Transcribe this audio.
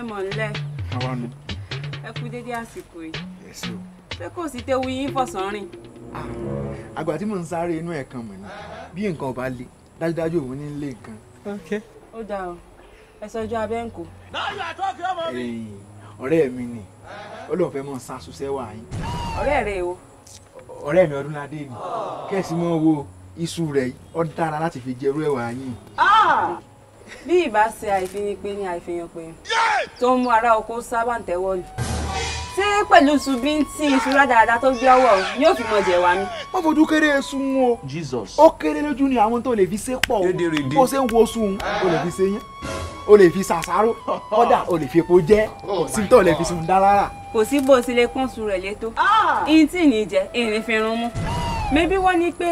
ẹ mọ̀ nílẹ̀. àwa nù. ẹ kú dédé àsìkò yìí. ẹ ṣé o. pé kò sí tewu yín fọ̀sán rìn. Ah, àgbà tí mò ń sáré inú ẹ̀ kan mọ̀ ni bí nǹkan ò bá le dájúdájú òun ní lé nǹkan. ó dáa o ẹ sọjú abẹ́ ń kó. láyọ̀ àtọ́kì ọmọ mi. ọ̀rẹ́ mi ni olóòfẹ́ fẹ́ mọ̀ ń sasúnṣẹ́ wà yín. ọ̀rẹ́ rẹ o. ọ̀rẹ́ mi Ọdúnládé ni kẹ́sì mọ́ wo iṣu rẹ̀ ó dára láti fi jẹrú ẹ̀wà yín. Ah! bí ìbá ṣe àìfinipe ni àìfihàn pé. yẹ́ tó ń mú ara oko sábà ń tẹ́wọ́ lù ṣé pẹ̀lú ṣubí tí ìṣúra dáadáa tó gbé ọwọ́ ni yóò fi mọ jẹ̀ wá mi. má fojú kéré esu mú o Jesus ó kéré lójú ni àwọn tó lè fi ṣe pọ̀ o bó ṣe ń wo sùn o lè fi ṣe yẹn o lè fi ṣàṣàrò kódà o lè fi epo jẹ oh sí tó lè fi sùn dá rárá. kò sí bó ṣe lè kún sun rẹ̀ létò ìyìn ah! tí ì ní jẹ ìrìn fi rún mú mébí wọ́n ní pé.